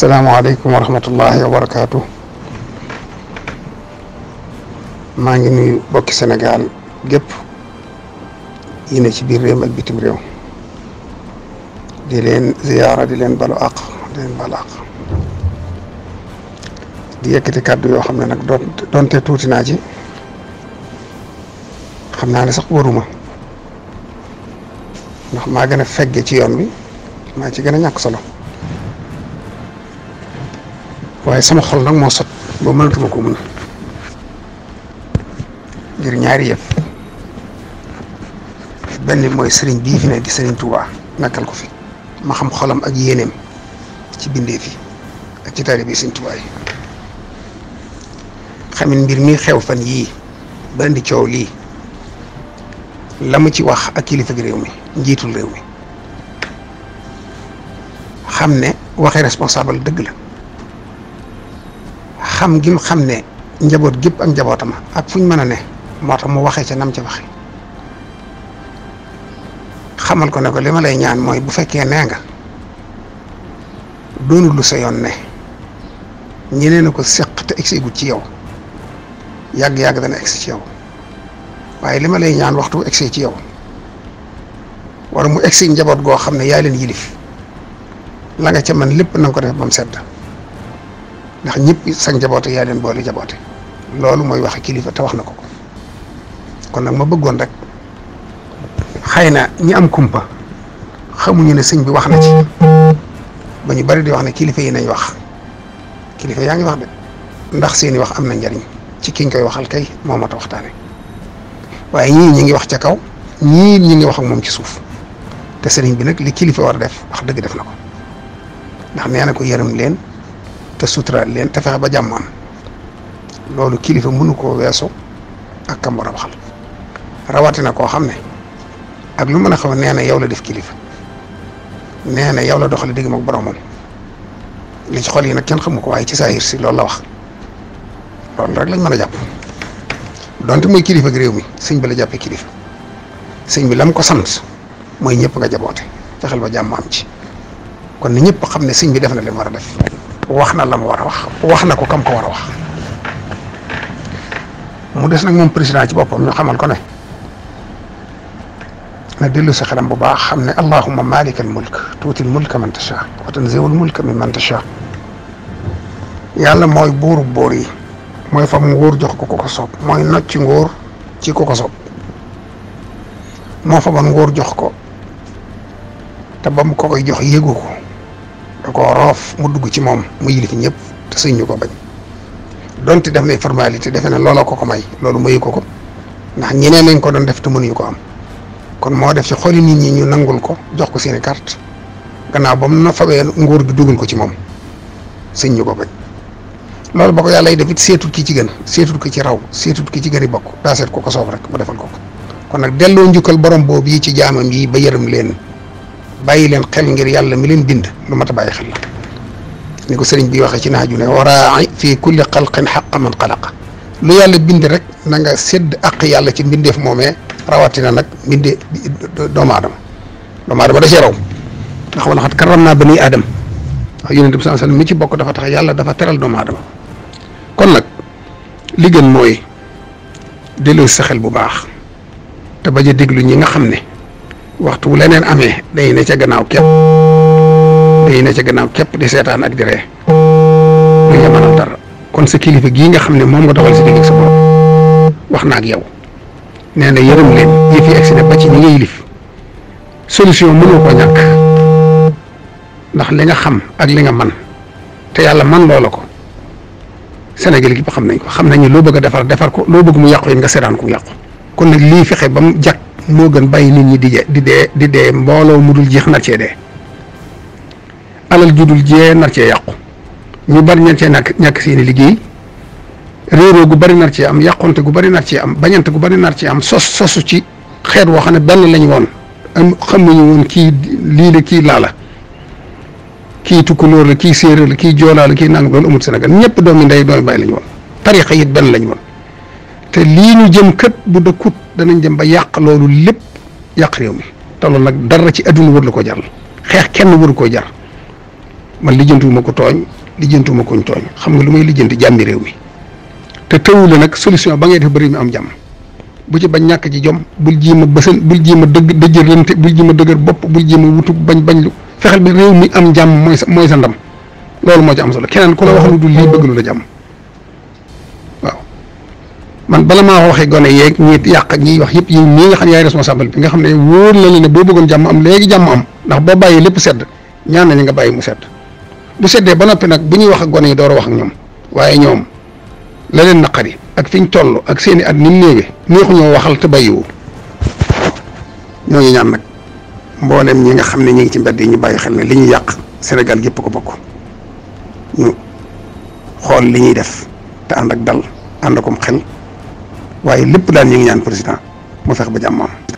asalaamaaleykum wa rahmatullahi wa barakaatu maa ngi nuyu bokki senegal gépp yi ne ci biir réew ak bitim réew di leen ziyaara di leen balu àq di leen di yëkkati kàddu yoo xam ne nag doon doonte tuuti naa ci xam naa ne sax waruma ndax maa gën a fegge ci yoon bi maa ci gën a ñàkk solo waaye sama xol nag moo sot boo mënatuma ko muñ ngir ñaari yëf benn mooy sëriñ bii fi ne di sëriñ Touba nekkal ko fi ma xam xolam ak yéeneem ci bindee fi ak ci taalibe bi sëriñ Touba yi xam mbir mi xew fan yii ba indi coow lii la mu ci wax ak kilifa réew mi njiitul réew mi xam ne waxee responsable dëgg la xam gim xam ne njaboot gépp ak njabootama ak fuñ mën a ne moo tax mu waxee ca nam ca waxe xamal ko ne ko li ma lay ñaan mooy bu fekkee nee nga doonu lu sa yoon ne ñeneen a ko seq te egsi ci yow yàgg-yàgg dana egsi ci yow waaye li ma lay ñaan waxtu egsi ci yow wala mu egsi njaboot goo xam ne yaa leen yilif la nga ca man lépp na ko def ba mu sedd ndax ñëpp sax njaboote yaa leen boole jaboote loolu mooy waxe kilifa te wax na ko ko kon nag ma bëggoon rek xëy na ñi am kumpa xamuñu ne sëñ bi wax na ci ba ñu bari di wax ne kilifa yi nañ wax kilifa yaa ngi wax de ndax seeni wax am na njariñ ci kiñ koy waxal kay moo mat a waxtaane waaye ñii ñi ngi wax ca kaw ñii ñi ngi wax ak moom ci suuf te sëriñ bi nag li kilifa war a def wax dëgg def na ko ndax nee na ko yërëm leen. te suturaal leen te fexe ba jàmm am loolu kilifa mënu koo weesu ak kam war a waxal rawatina koo xam ne ak lu mën a xaw nee na yow la def kilifa nee na yow la doxali digg mook boromam li ci xol yi nag kenn xamu ko waaye ci saahir si loolu la wax loolu rek lañ mën a jàpp donte mooy kilifa ak mi sëñ bi la jàppee kilifa sëñ bi lam ko sant mooy ñëpp nga jaboote fexeel ba jàmm am ci kon ni ñëpp xam ne sëñ bi def na li mu war a def. wax na la mu war a wax wax na ko kam ko war wax mu des nag moom président ci boppam ñu xamal ko ne na dellu si xelam bu baax xam ne allahumma malikal mulk tuutil mulka man tasha wa tanziul mulka min man tasha yàlla mooy buuru boor yi mooy fam nguur jox ko ko ko soob mooy nocci nguur ci ko ko sob moo fa ban jox ko te ba mu ko koy jox yégu ko da koo roof mu dugg ci moom mu yilif ñëpp te sëñ ñu ko bañ donte def nay formalité defe na looloo ko ko may loolu mayu ko ko ndax ñeneen nañ ko doon def te mënuñu ko am kon moo def ci xoli nit ñi ñu nangul ko jox ko seeni carte gannaaw ba mu na fabee nguur gi duggul ko ci moom sëñ ñu ko bañ loolu ba ko yàlla yi def it seetut ki ci gën seetut ki ci raw seetut ki ci gën a bokk daa seet ko ko soob rek mu defal ko ko kon nag delloo njukkal borom boobu yi ci jaamam yi bàyyi leen xel ngir yàlla mi leen bind lu mat a bàyyi xel la ni ko sëriñ bi waxee ci naaju ne warai fii kulli xalqin xaqa man xalaqa lu yàlla bind rek na sedd sédd yàlla ci mbindeef moomee rawatina nag mbinde doomu aadama doomu aadama da cee raw ndax wala xat karam naa bani aadam wax yonent bi sallallahu alayhi wasallam mi ci bokk dafa tax yàlla dafa teral doomu aadama kon nag li gën mooy delloo sa xel bu baax te bañ déglu ñi nga xam ne waxtu leneen amee day ne ca gannaaw képp day ne ca gannaaw képp di seetaan ak di ree lu ñu mënal dara kon sa kilifa gii nga xam ne moom nga doxal si digg sa bopp wax na ak yow nee na yërëm leen yëf yi agsi na ba ci ñi ngay lif solution mënoo ko ñàkk ndax li nga xam ak li nga man te yàlla man loola ko Sénégal gi ba xam nañ ko xam nañu loo bëgg a defar defar ko loo bëgg mu yàqu it nga seetaan ko yàqu kon nag lii fexe ba jàkk moo gën bàyyi nit ñi di di dee di dee mbooloo mu dul jeex nar cee dee alal ju dul jee nar cee yàqu ñu bari nar cee ñàkk ñàkk seeni liggéey réeróo gu bari nar cee am yàqonte gu bari nar cee am bañante gu bari nar cee am sos sosu ci xeet woo xam ne benn lañ woon am xamuñu woon kii lii la kii laa la kii tukkulóor la kii séeréer la kii joolaa la kii nang loolu amul Sénégal ñëpp doomi ndey doomi bàyyi lañ woon tarixa yit benn lañ woon te lii ñu jëm danañ dem ba yàq loolu lépp yàq réew mi te loolu nag dara ci adduna war la ko jaral xeex kenn wër koo jar man lijjantuwuma ko tooñ lijjantuwuma koñ tooñ xam nga lu may lijjanti jàmmi réew mi te teewul nag solution ba ngay def ba réew mi am jàmm bu ci bañ ñàkk ci jom bul jiima bësën bul jiima dëgg dëjërante bul jiima dëgër bopp bul jiima wutu bañ bañ lu fexeel bi réew mi am jàmm mooy sa mooy sa ndam loolu moo ci am solo keneen ku la wax lu dul lii bëgg lu la jàmm man bala maa waxee gone yeeg yàq ak ñiy wax yëpp yow mii nga xam yaay responsable bi nga xam ne wóor na ne boo bëggoon jàmm am léegi jàmm am ndax boo bàyyi lépp sedd ñaan nañu nga bàyyi mu sedd bu seddee ba noppi nag bu ñuy wax gone yi door a ak ñoom waaye ñoom la leen naqari ak fi ñu toll ak seeni at ni mu néewee neexuñoo waxal te bàyyiwu ñoo ngi ñaan nag mboolem ñi nga xam ne ñu ngi ci mbedd yi ñu bàyyi xel ne li ñuy yàq Sénégal gépp ko bokk ñu xool li ñuy def te ànd ak dal ànd akum xel waaye lépp daal ñu ngi ñaan président moo fex ba jàmm